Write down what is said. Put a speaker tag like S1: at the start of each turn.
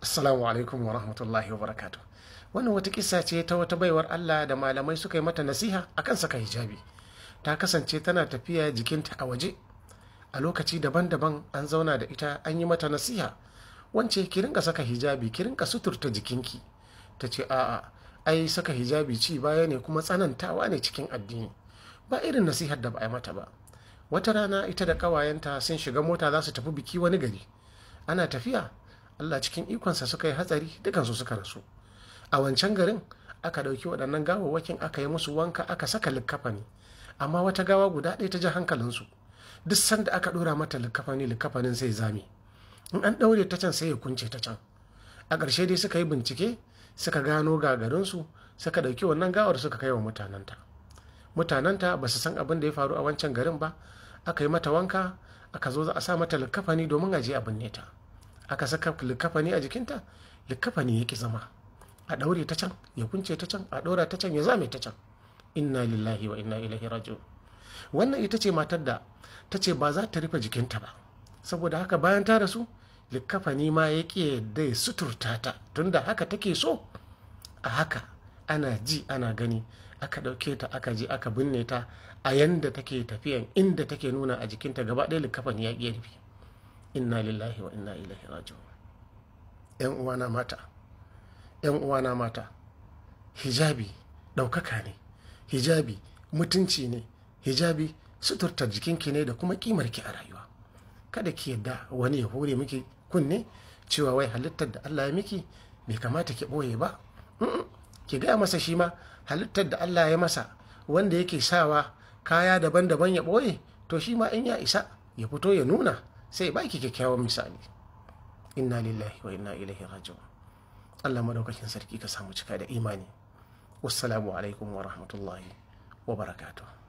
S1: Assalamu alaikum wa rahmatullahi wa barakatu. Wannan wata kisa ce ta wata baiwar Allah da malamai suka yi mata nasiha a kan saka hijabi. Ta kasance tana tafiya jikinta a waje. A lokaci daban-daban an zauna da ita an yi mata nasiha. Wance ki rinka saka hijabi ki rinka suturta jikinki. Ta ce a'a ai saka hijabi ci baya ne kuma tsanantawa ne cikin addini. Ba irin nasihar da ba a mata ba. Wata rana ita da ƙawayenta sun shiga mota za su tafi biki wani gari. Ana tafiya Allah cikin ikonsa suka yi hatsari dukansu suka rasu a wancan garin aka ɗauki waɗannan gawawwakin aka yi musu wanka aka saka likkafani amma wata gawa guda ɗaya ta ji hankalinsu duk sanda aka ɗora mata likkafani likkafanin sai zame in an ɗaure ta can sai ya kunce ta can a ƙarshe dai suka yi bincike suka gano gagarinsu suka ɗauki wannan gawar suka kai wa mutanenta mutanenta ba su san abin da ya faru a wancan garin ba aka yi mata wanka aka zo za a sa mata ne domin a je a binne ta aka saka likafani a jikinta likafani ya ki zama a ɗaure ta can ya kunce ta can a ɗora ta can ya zame ta can inna lillahi wa inna ilaihi wannan ita ce matar da ta ce ba za ta rufe jikinta ba saboda haka bayan ta rasu likafani ma ya ƙi da suturta ta tunda haka take so a haka ana ji ana gani aka ɗauke ta aka ji aka binne ta a yanda take tafiyan inda take nuna a jikinta gaba ɗaya likafani ya ƙi rufe inna lillahi wa inna ilaihi raji'un yan uwana mata yan uwana mata hijabi ɗaukaka ne hijabi mutunci ne hijabi suturta ki ne da kuma ki a rayuwa kada ki yadda wani ya hore miki kunne cewa wai halittar da Allah ya miki bai kamata ki ɓoye ba ki gaya masa shi ma halittar da Allah ya masa wanda yake sawa kaya daban-daban ya ɓoye to shi ma in ya isa ya fito ya nuna sai baki kyakkyawan misali inna lillahi wa inna ilaihi raji'un Allah madaukakin sarki ka samu cika da imani wassalamu alaikum wa rahmatullahi wa barakatuh